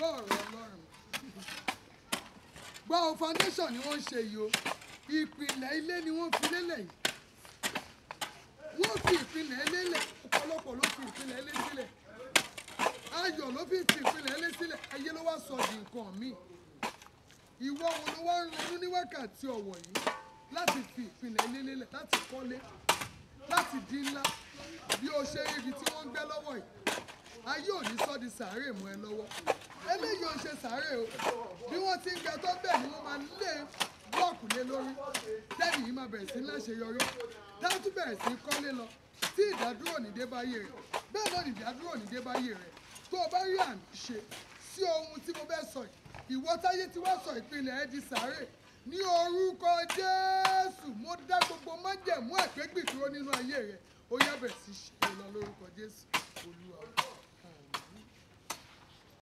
gbọ́ ọ̀rọ̀ ọlọ́run gbọ́ ọ foundation ni wọ́n ń ṣe yìí o ìpìlẹ̀ ilé ni wọ́n fi lélẹ̀ yìí wọ́n fi ìpìlẹ̀ ilé lẹ̀ ọ̀pọ̀lọpọ̀ ló fi ìpìlẹ̀ ilé sílẹ̀ ayọ̀ ló fi ìpìlẹ̀ ilé sílẹ̀ ayé ló wá sọ di nǹkan míì ìwọ wo ló wá ń ronú ní wákàtí ọ̀wọ̀ yìí láti fi ìpìlẹ̀ ilé lélẹ̀ láti kọ́lé láti dín ńlá bí o ṣe ibi tí wọ́n ń gbé lọ́wọ́ yìí ayé ò ní sọ di sàárè mọ́ ẹ lọ́wọ́ eléyìí ò ṣe sàárè o bí wọ́n ti ń gbẹ tó bẹ́ẹ̀ ni wọ́n máa lé bọ́ọ̀kù lé lórí tẹ́lẹ̀ yìí máa bẹ̀rẹ̀ sí láṣeyọrí dájú bẹ̀rẹ̀ sí kọ́lé lọ tí ìdádúró ní dé báyé rẹ̀ bẹ́ẹ̀ náà ní ìdádúró ní dé báyé rẹ̀ tó o bá rí àmì ṣe sí ohun tí mo fẹ́ sọ yìí ìwọ táyé tí wọ́n sọ ìpínlẹ̀ ẹ di sàárè ní orúkọ Jésù mo dá gbogbo májẹ̀mú ẹ̀gbẹ́gbì dúró nínú ayé rẹ̀ ó yá bẹ̀rẹ̀ sí ṣe lọ lórúkọ Jésù Olúwa.